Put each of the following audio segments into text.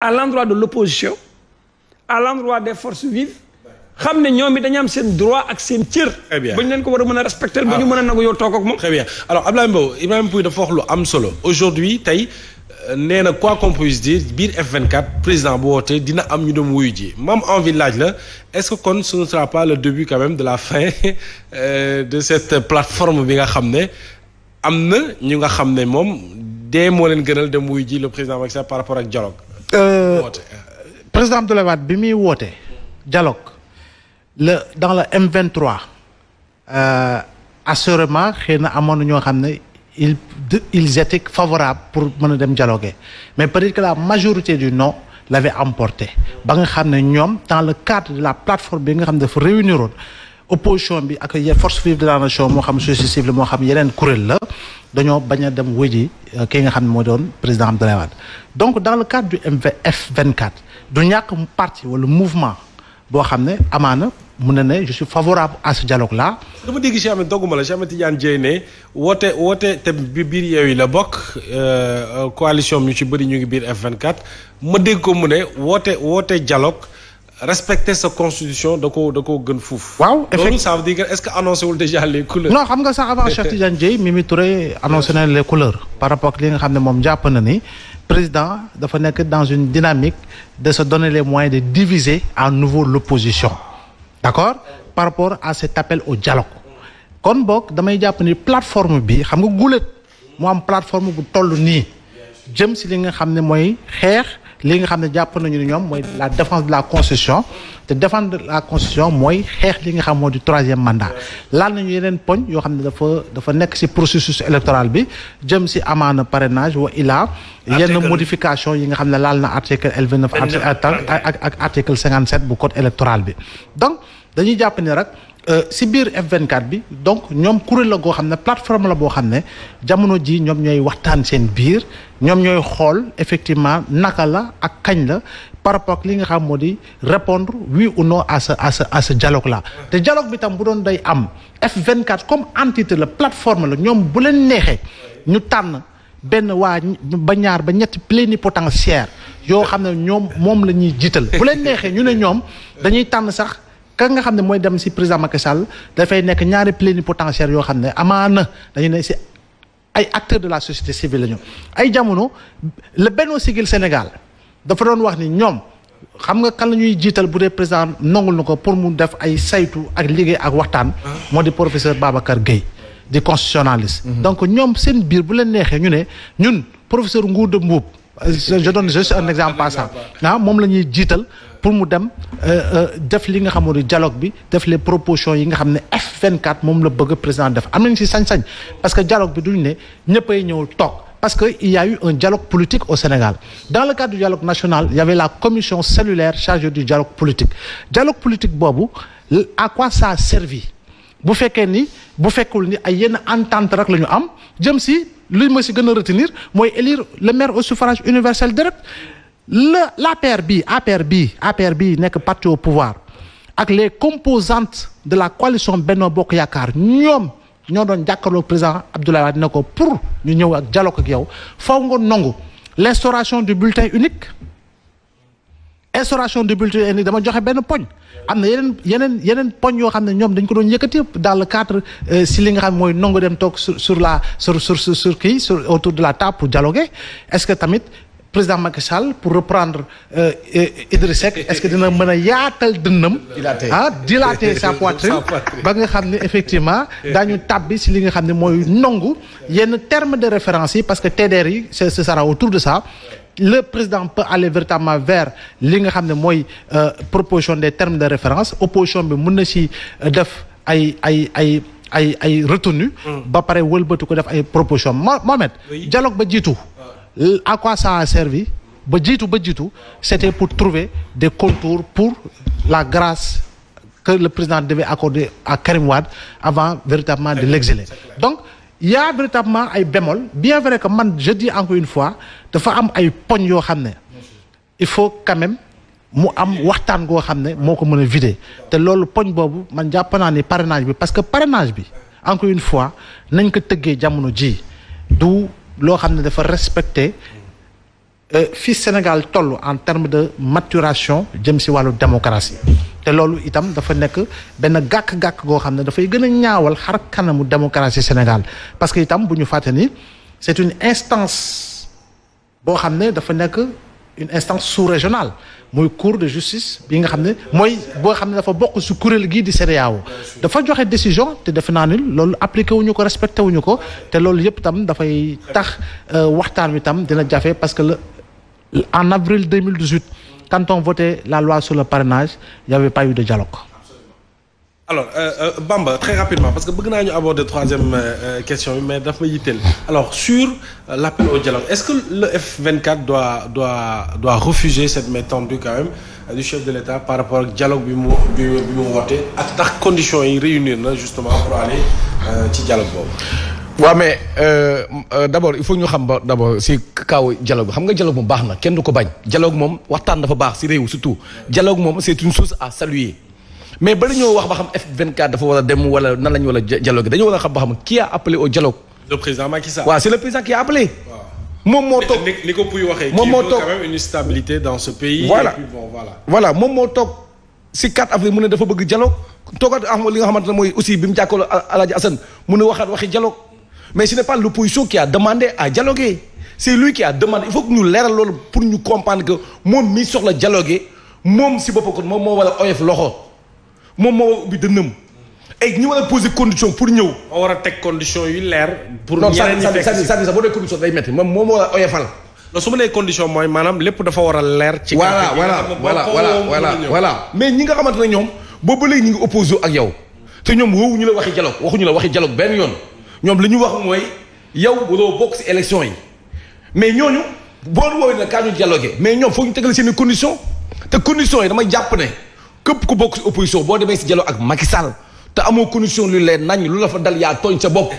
à l'endroit de l'opposition à l'endroit de forces vives xam ne ñoom bi dañu am seen droit ak seen cër. très ba ñu leen ko war a mën a respecter ba ñu ah. mën a nangu yoo toog ak moom. très bien alors Abdoulaye Mbow Ibrahima Pouye dafa wax lu am solo aujourd'hui tey euh, nee na quoi qu'on puisse dire biir F24 président bu wootee dina am ñu dem wuyu ji maam envie laaj la est-ce que kon ce ne sera pas le début quand même de la fin euh, de cette plateforme bi nga xam ne am na ñu nga xam ne moom dee moo leen gënal dem wuyu ji le président Macky Sall par rapport ak Euh, président Abdoulaye Wade bi muy woote dialogue la dans le M23 euh, assurément xëy na amoon na ñoo xam ne ils ils étaient favorable pour mën a dem dialoguer mais peut-être que la majorité du non l'avait emporté ba nga xam ne ñoom dans le cadre de la plateforme bi nga xam ne dafa réuniroon opposition bi ak force vive de la nation moo xam société civile moo xam yeneen kuréel la dañoo bañ a dem wëji euh, ki nga xam ne moo doon président Abdoulaye Wade donc dans le cadre du MVF 24 du ñàkk parti wala mouvement boo xam ne amaana mun na ne je suis favorable à ce dialogue ma dama dégg Cheikh Ahmed dogguma la Cheikh Ahmed Tidiane Dièye ne woote woote te bi biir Yewwi la bokk euh, coalition ñu ci bëri ñu ngi biir F24 ma dégg ko mu ne woote woote dialogue respecter sa constitution da ko da ko gën fuuf. waaw effectivement loolu ça veut dire que est-ce que annoncé wul déjà xam nga sax avant Cheikh Tidiane Dièye Mimi Touré annoncé na les couleurs. par rapport ak li nga xam ne moom jàpp na ni président dafa nekk dans une dynamique de se donner les moyens de diviser à nouveau l'opposition d'accord par rapport à cet appel au dialogue kon boog damay jàpp ni plateforme bi xam nga gulet mu am plateforme bu toll nii jëm si li nga xam ne mooy xeex. li nga xam ne jàpp nañu ne ñoom mooy la défense de la constitution te défendre la constitution mooy xeex li nga xam moo di troisième mandat laal nañu yeneen poñ yoo xam ne dafa dafa nekk ci processus électoral bi jëm ci amaana parrainage wa ilaa yenn modification yi nga xam ne laal na article L29 ak ak article 57 bu code électoral bi donc dañuy jàpp ni rek Euh, si biir F24 bi donc ñoom kuréel la goo xam ne plateforme la boo xam ne jamono ji ñoom ñooy waxtaan seen biir ñoom ñooy xool effectivement naka la ak kañ la par rapport ak li nga xam moo di répondre oui ou non à ce à ce à ce dialogue te dialogue bi tam bu doon day am F24 comme entité la plateforme la ñoom bu leen neexee ñu tànn benn waa ba ñaar ba ñetti plénipotentiaire yoo xam ne ñoom moom la ñuy jiital bu leen neexee ñu ne ñoom dañuy tànn sax ka nga xam ne mooy dem si président Macky Sall dafay nekk ñaari plénipotentiaire yoo xam ne na dañu ne si ay acteur de la société civile la ñu ay jamono le Benno Siggil Sénégal dafa doon wax ni ñoom xam nga kan la ñuy jiital bu dee président nangul na ko pour mu def ay saytu ak liggéey ak waxtaan. Ah. moo di professeur Babacar Gueye di constitutionnaliste. Mm-hmm. donc ñoom seen biir bu leen neexee ñu ne ñun professeur nguur de je donne juste un exemple passant ah, moom la ñuy jiital. pour mu dem euh, euh, def li nga xamoon ni dialogue bi def les propositions yi nga xam ne F24 moom la bëgg président def am nañ si sañ-sañ parce que dialogue bi duñ ne ñëppay ñëw toog parce que il y a eu un dialogue politique au Sénégal dans le cadre du dialogue national il la commission cellulaire chargée du dialogue politique dialogue politique boobu à quoi ça servi bu fekkee ni bu fekkul ni ay yenn entente rek la ñu am jëm si li ma si gën a retenir mooy élire le maire au suffrage universel la l'APR bi APR bi APR bi nekk parti au pouvoir ak les composantes de la coalition Benno Bokk Yaakaar ñoom ñoo doon jàkkaloo président Abdoulaye Wade ne ko pour ñu ñëw ak dialogue ak yow faw nga nangu l'instauration du bulletin unique instauration du bulletin unique dama joxe benn poñ am na yeneen yeneen yeneen poñ yoo xam ne ñoom dañ ko doon yëkkati dans le cadre euh, si li nga xam mooy nangu dem toog sur sur la sur sur sur kii sur autour de la table pour dialoguer est-ce que tamit président Macky Sall pour reprendre euh, euh, Idriss Seck est-ce que dina mën a yaatal dënnam ah dilater sa poitrine ba nga xam ne effectivement dañu tàbbi si li nga xam ne mooy nongu yenn terme de référence yi parce que TDR yi ce sera autour de ça le président peut aller véritablement vers li nga xam ne mooy euh, proposion des termes de référence opposition bi mën na ci def ay ay ay ay ay retenu mm. ba pare wëlbatu ko def ay proposition Mohamed dialogue ba jiitu à quoi ça a servi ba jiitu ba jiitu c'était pour trouver des contours pour la grâce que le président devait accorder à Karim Wade avant véritablement de l'exiler donc il y véritablement ay bémol bien vrai que man je dis encore une fois dafa am ay poñ yoo xam ne il faut quand même mu am waxtaan goo xam ne moo ko mën a vider te loolu poñ boobu man jàpp naa ni parrainage bi parce que parrainage bi encore une fois nañ ko tëggee jamono ji du loo xam ne dafa respecter euh, fi Sénégal toll en terme de maturation jëm si wàllu démocratie te loolu itam dafa nekk benn gàkk-gàkk goo xam ne dafay gën a ñaawal xar kanamu démocratie Sénégal parce que itam bu ñu fàtte ni c'est une instance boo xam ne dafa nekk une instance sous-régionale mooy cour de justice bi nga xam ne mooy boo xam ne dafa bokk si kuréel gii di CEDEAO dafa joxe décision te defe naa ni loolu appliqué wuñu ko respecté wuñu ko te loolu yëpp tam dafay tax euh, waxtaan wi tam dina jafe parce que le en avril 2018 quand on votait la loi sur le parrainage y avait pas eu de dialogue alors euh, euh, Bamba très rapidement parce que bëgg naa ñu aborder troisième euh, euh, question bi mais daf ma yitteel alors sur l'appel au dialogue est-ce que le F24 doit doit doit refuser cette mais tendue quand même du chef par rapport ak dialogue bi mu bi ak tax conditions yi réunir na justement pour aller ci dialogue boobu. waa mais d'abord il faut ñu xam ba d'abord si kaw dialogue xam nga dialogue moom baax na kenn du ko bañ dialogue moom waxtaan dafa baax si réew surtout dialogue moom c'est une chose à saluer. mais bari ñoo wax ba xam F24 dafa war a dem wala nan la ñu war a dialogue dañoo war a xam ba xam qui a appelé au dialogue. le président Macky Sall. waaw c'est le président qui a appelé. moom moo toog ni ko Pouy waxee. moom moo toog stabilité dans ce pays. moom moo toog si 4 avril mu ne dafa bëgg dialogue toogaat am li nga xamante ne mooy aussi bi mu jàkkaarloo El Hadj Assane mu ne waxaat waxi dialogue mais ce n'est pas l'opposition qui a demandé à dialoguer c'est lui qui a demandé il faut ñu leeral loolu pour ñu comprendre que moom mi soxla dialoguer moom si boppam kon moom moo war a oyof loxo. moom moo war ubbi dënnam ay ñu war a poser condition pour ñëw. war a teg condition yi leer. pour ñeneen ñi fekk si non cest à boo dee condition day moom moom moo war su ma nee condition mooy maanaam lépp dafa war a leer. ci voilà voilà voilà voilà mais ñi nga xamante ne ñoom boobu ba léegi ñu ak yow ñoom woowu ñu la waxi dialogue waxuñu la waxi dialogue benn yoon ñoom li ñu wax mooy yow waroo bokk si élection yi mais ñooñu boo woowee nag kaa ñu dialogué mais ñoom foog ñu tegal seen i condition te conditions yi dama jàpp ne képp ku bokk si opposition boo demee si dialogue ak Macky Sall te amoo condition lu leen nañ lu la fa dal yaa tooñ sa bopp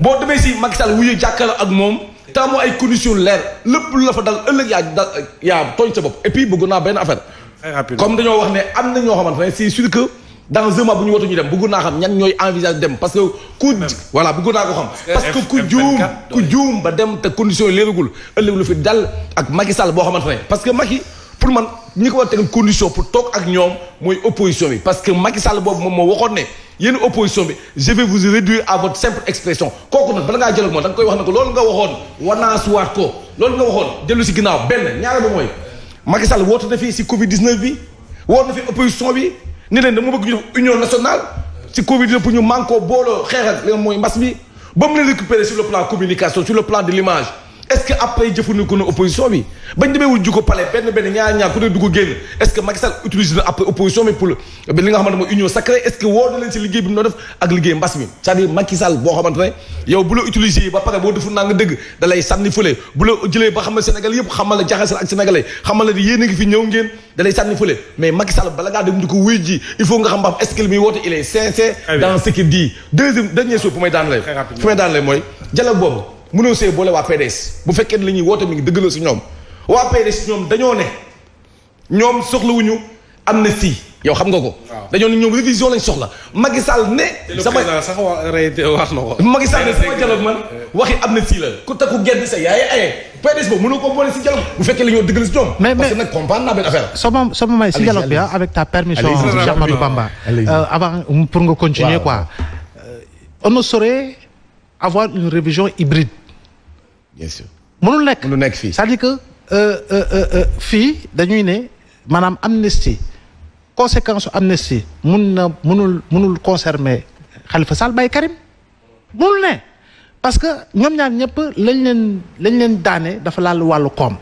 boo demee si Macky Sall wuyu jàkkaarloo ak moom te amoo ay condition leer lépp lu la fa dal ëllëg yaa dal yaa tooñ sa bopp naa benn affaire comme dañoo wax ne am na ñoo xamante ne c'est sûr que dans un mois ñu dem bëgg naa xam ñan ñooy envisage dem parce que ku voilà bëgg naa ko xam parce que ba dem te condition yi leeragul ëllëg dal ak Macky Sall boo xamante ne parce que Macky pour man ñi ko war a tegal condition pour toog ak ñoom mooy opposition bi parce que Macky boobu moom moo waxoon ne yéen opposition bi je vais vous réduire à votre simple expression kooku nag bala ngaa jël ak moom koy wax ne ko loolu nga waxoon wanaasuwaat ko loolu nga waxoon dellu si ginnaaw benn ñaara ba mooy Macky Sall woote na fi si Covid 19 bi woote na fi opposition bi ne leen dama bëgg ñu def union nationale si Covid bi pour mooy mbas bi ba communication sur le plan l'image est-ce que après jëfandiku na opposition bi bañ demee wul jukko palais benn benn ñaar ñaar ku ne dugg génn est-ce que Macky utilise na après opposition bi pour li nga xamante mooy union sacrée est-ce que woo na leen si liggéey bi mu doon def ak liggéey mbas yow bu la utilisé ba pare boo deful naa nga dëgg da lay sànni fële bu la jëlee ba xam ne Sénégal yëpp xamal la jaxasal ak Sénégalais xamal la di yéen a ngi fi ñëw ngeen da sànni fële mënoo see boole waa PDS bu fekkee ne la ñuy woote mi ngi dëgg la si ñoom waa PDS ñoom dañoo ne ñoom na amnistie yow xam nga ko. dañoo ne ñoom révision lañ soxla Macky Sall ne. sama sax wax na ko. Macky Sall ne sama dialogue man waxi la ku takku gedd sa yaay aye PDS boobu mënoo ko boole si dialogue bu fekkee la ñoo dëgg la si ñoom. mais mais parce que nag comprendre naa benn affaire. soo ma soo ma may si dialogue bi ah, avec ta permission. Cheikh Ahmadou Bamba euh, avant pour nga continuer quoi. Euh, on ne saurait avoir une révision bien sûr mënul nekk mënul nekk fii c'est-à-dire euh, euh, euh, fii dañuy ne maanaam amnistie conséquence su amnistie mun na mënul mënul concerner Khalifa Sall bay Karim mënul ne parce que ñoom ñaar ñëpp lañ leen lañ leen daane dafa laal wàllu koom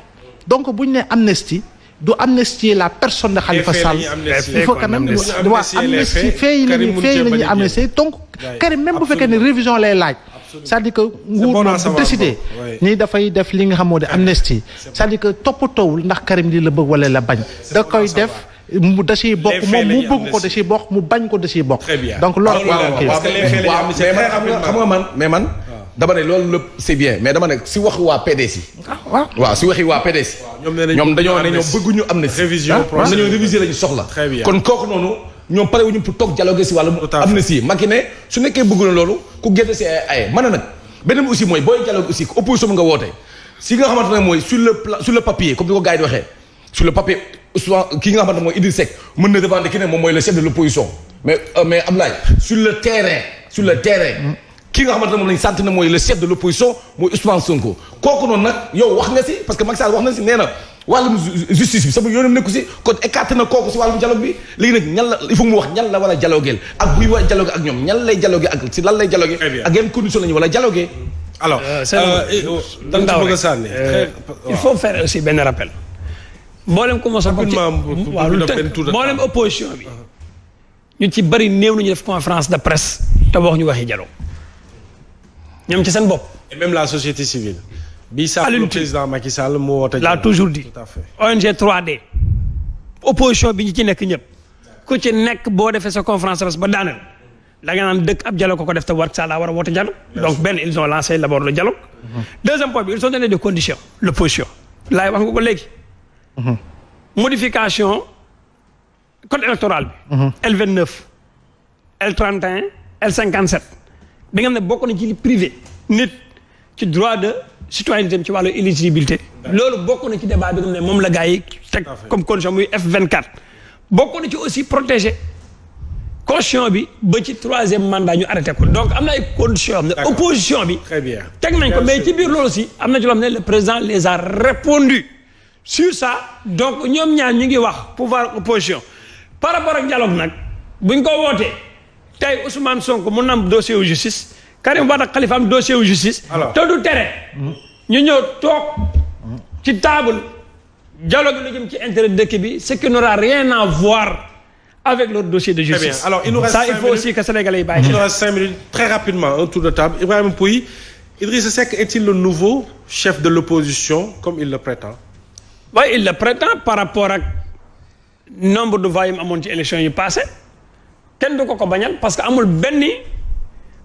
donc bu ñu nee amnistie du amnistier la personne de Khalifa Sall il faut quand même waaw amnistie fee yi la ñuy amnistier donc Karim même bu fekkee ne révision lay laaj c'est-à-dire que nguur moom bu décidé nii dafay def li nga xam moo di eh, amnistie c'est-à-dire que toppatoowul ndax Karim lii la bëgg wala la bañ da koy def mu da ciy bokk moom mu bëgg ko da ciy mu bañ ko da ciy bokk donc loolu waaw xam nga mais man ah. dama ne loolu lépp c'est bien mais dama ne si waxi waa PDS yi ah, waaw waaw si waxi waa PDS ñoom dañoo ne ñoom bëgguñu amnistie révision ah, dañoo réviser lañu soxla kon kooku noonu ñoo pare wuñu pour toog dialoguer si wàllum amnistie Macky ne su nekkee bëgg na loolu ku génn si ay mën na nag beneen aussi mooy booy dialogue aussi opposition bi nga woote si nga xamante ne mooy sur le sur le papier di le papier ki nga xamante ne mooy Idriss Seck mën na revendiquer ne moom mooy le chef de l'opposition mais euh, mais Ablaye su le terrain sur le terrain mm. ki nga xamante ne moom lañ sant na mooy le chef de l'opposition mooy Ousmane Sonko kooku noon nag yow wax nga si parce que Macky Sall wax na si nee na wàllum justice bi sama yoonam nekku si kon écarté na kooku si wàllum dialogue bi léegi nag ñan la il faut mu wax ñan la war a dialogueel ak buy war a ak ñoom ñan lay dialogue ak si lan lay dialogue ak yan condition la ñu war a dialogue alors euh, euh, euh, da nga bëgg a sànni benn rappel mboolem ku mos a waaw lu tënk mboolem opposition bi ci bëri néew nañu def conférence de presse te wax ñu waxi dialogue ñoom ci seen bopp même la société civile bi sax le président Macky Sall moo woote laa toujours dit ONG 3D opposition bi ñu ci nekk ñëpp ku ci nekk boo defee sa conférence presse ba daaneel da nga naan dëkk ab dialogue ko ko def te war saa laa war a woote dialogue donc benn ils ont lancé d'abord le dialogue mhm. deuxième point bi ils ont donné des conditions l'opposition laay wax nga ko léegi mhm. modification code électoral bi L29 L31 L57 bi nga xam ne bokk na ci li privé nit ci droit de citoyenneté ci wàllu éligibilité loolu bokk na ci débat bi nga ne moom la gars yi teg comme condition muy F24 na ci aussi protégé constitution bi ba ci troisième mandat ñu arrêté ko donc am na condition conditions am ne opposition bi teg nañ ko mais ci biir loolu aussi am na ci loo xam ne le président les a répondu sur ça donc ñoom ñaar ñu ngi wax pouvoir opposition par rapport ak dialogue nag buñ ko wootee tey Ousmane Sonko mu nam dossier wu justice Karim Wade ak Khalifa am dossier wu justice. te du tere. Hmm. ñu ñëw toog hmm. ci table dialogue lu jëm ci intérêt dëkk bi ce qui n'aura rien à avec leur dossier de justice. Très alors il nous reste ça il faut minutes. aussi que Sénégalais yi bàyyi. il nous reste cinq minutes très rapidement un tour de table Ibrahima Pouy Idrissa Seck est-il le nouveau chef de l'opposition comme il le prétend. oui il par rapport ak nombre de voix yi ci élection yi passé kenn du ko ko parce que amul benn.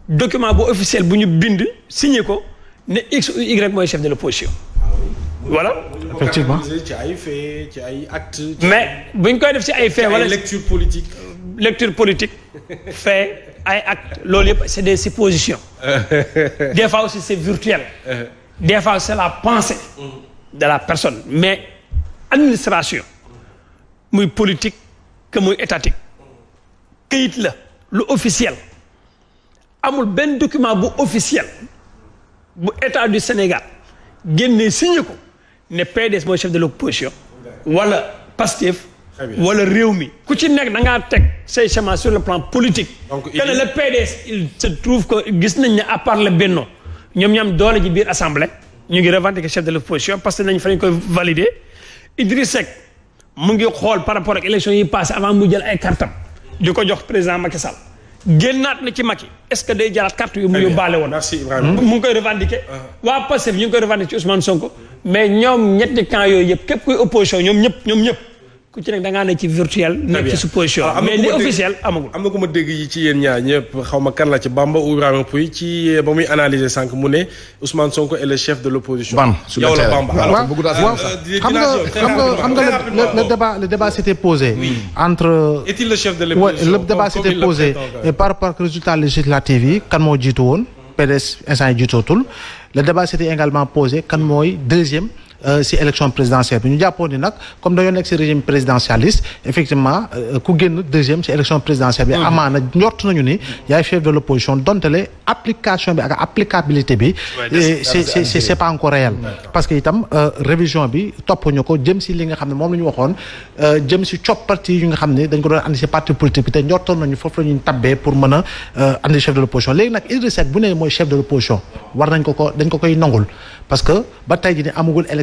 document bu officiel bu ñu bind signé ko ne x ou y mooy chef de l'opposition voilà effectivement ci ay ci ay acte mais bu ñu koy def ci ay fait wala lecture politique lecture politique fait ay acte loolu yëpp c'est des suppositions des fois aussi c'est virtuel des fois c'est la pensée de la personne mais administration muy politique que muy étatique këyit la lu officiel amul benn document bu officiel bu état du Sénégal génne signé ko ne PDS mooy chef de l'opposition wala Pastef wala réew mi ku ci nekk da ngaa teg say schémas sur le plan politique kene le PDS il se trouve que gis nañ ne à part le Benno ñoom ñam doole ji biir assemblée ñu ngi revendiquer chef de l'opposition parce que nañ fa lañ koy valider Idriss Seck mu ngi xool par rapport ak élection yi passé avant mu jël ay kartam di ko jox président Macky génnaat na ci Macky est-ce que day jaraat carte yu mu yóbbaale woon merci Ibrahima mu ngi koy revendiqué ah. waa Pastef ñu ngi koy revendiqué ci Ousmane Sonko mais ñoom ñetti camp yooyu yëpp képp kuy opposition ñoom ñëpp ñoom ñëpp ku ci nekk da ngaa ne ci virtuel. nekk ci supposition ah, mais li officiel amagul. am na ku ma dégg yi ci yéen ñaar ñëpp xaw ma kan la ci Bamba ou Ibrahima Pouy ci eh, ba muy analyser sànq mu ne Ousmane Sonko est le chef de l' opposition. ban su Bamba alors euh, euh, xam nga xam nga le débat le débat s' entre. le chef de l' opposition le par rapport ak résultat législatif yi kan moo jiitu woon. PDS instant yi jiitootul le débat s' était également posé kan mooy deuxième. Euh, si élection présidentielle bi ñu jàppoon ni nag comme dañoo nekk si régime présidentialiste effectivement euh, ku génn deuxième si élection présidentielle bi mm-hmm. amaana njort nañu ni yaay chef de l'opposition dontale application bi ak applicabilité bi c'est c'est c'est mm-hmm. réel parce que itam euh, révision bi topp ñu ko jëm si li nga xam ne moom la ñu waxoon jëm si copparti yi nga xam ne dañ ko doon andi si parti politique bi te njortoon nañu foofu la ñuy tabbee pour dañ ko koy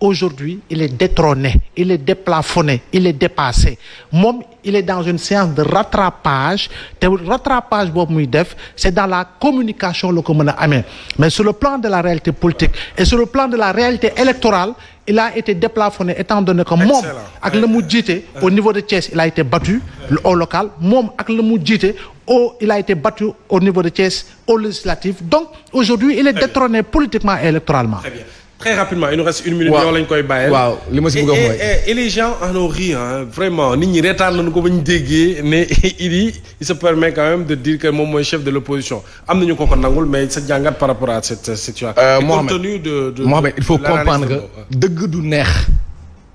aujourd'hui il est détrôné il est déplafonné il est dépassé moom il est dans une séance de rattrapage te rattrapage boobu muy def c'est dans la communication la ko mën a amee mais sur le plan de la réalité politique et sur le plan de la réalité électorale il a été déplafonné étant donné que a ak la mu jiite au niveau de Thiès il a été battu au local moom ak la mu jiite au il a au niveau de Thiès au législatif donc aujourd'hui il est détrôné politiquement et électoralement très rapidement il nous reste une minute. waaw lañ koy bàyyee. waaw li ma si eh, mooy eh, eh, et les gens en ont ri vraiment nit ñi reetaan nañu ko ba ñu déggee ne Idy il se permet quand même de dire que moom mooy chef de l' opposition am nañu ko ko nangul mais sa jàngat par rapport à cette situation. Euh, Mohamed compte tenu de de Mohamed il comprendre que dëgg du neex.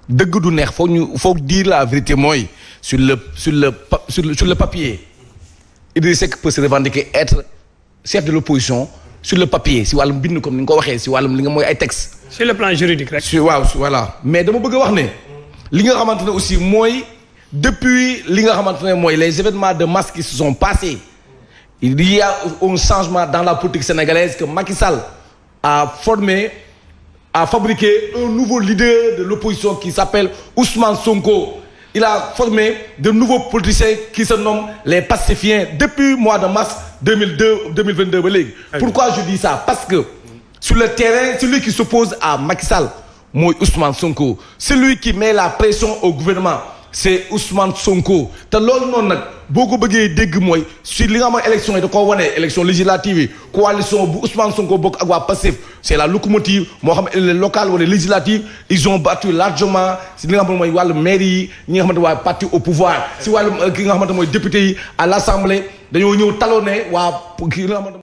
dëgg du neex foog ñu foog dire la vérité mooy sur le sur le sur le sur le papier Idrissa Seck peut se revendiquer être chef de l' opposition. sur le papier si wàllum bind comme ni nga ko waxee si wàllum li nga mooy ay texte sur le plan juridique rek. su waaw voilà mais dama bëgg a wax ne. li nga xamante ne aussi mooy depuis li nga xamante ne mooy les événements de masse qui se sont passés il y a un changement dans la politique sénégalaise que Macky Sall a formé a fabriqué un nouveau leader de l'opposition qui s'appelle Ousmane Sonko. il a formé de nouveaux politiciens qui se nomment les pacifiens depuis mois de mars 2002 2022 ba léegi pourquoi je dis ça parce que sur le terrain celui qui s'oppose à Macky Sall mooy Ousmane Sonko celui qui met la pression au gouvernement c'est Ousmane Sonko te loolu noonu nag boo ko bëggee dégg mooy si li nga xam ne élection yi da koo wane élection législative yi coalition bu Ousmane Sonko bokk ak waa Pastef c'est la locomotive moo xam ne locale wala législative ils ont battu largement si li nga xam mooy wàllu mairie yi ñi nga xamante waa parti au pouvoir si wàllu euh, ki nga xamante mooy député yi à l'Assemblée dañoo ñëw talonné waa ki nga xamante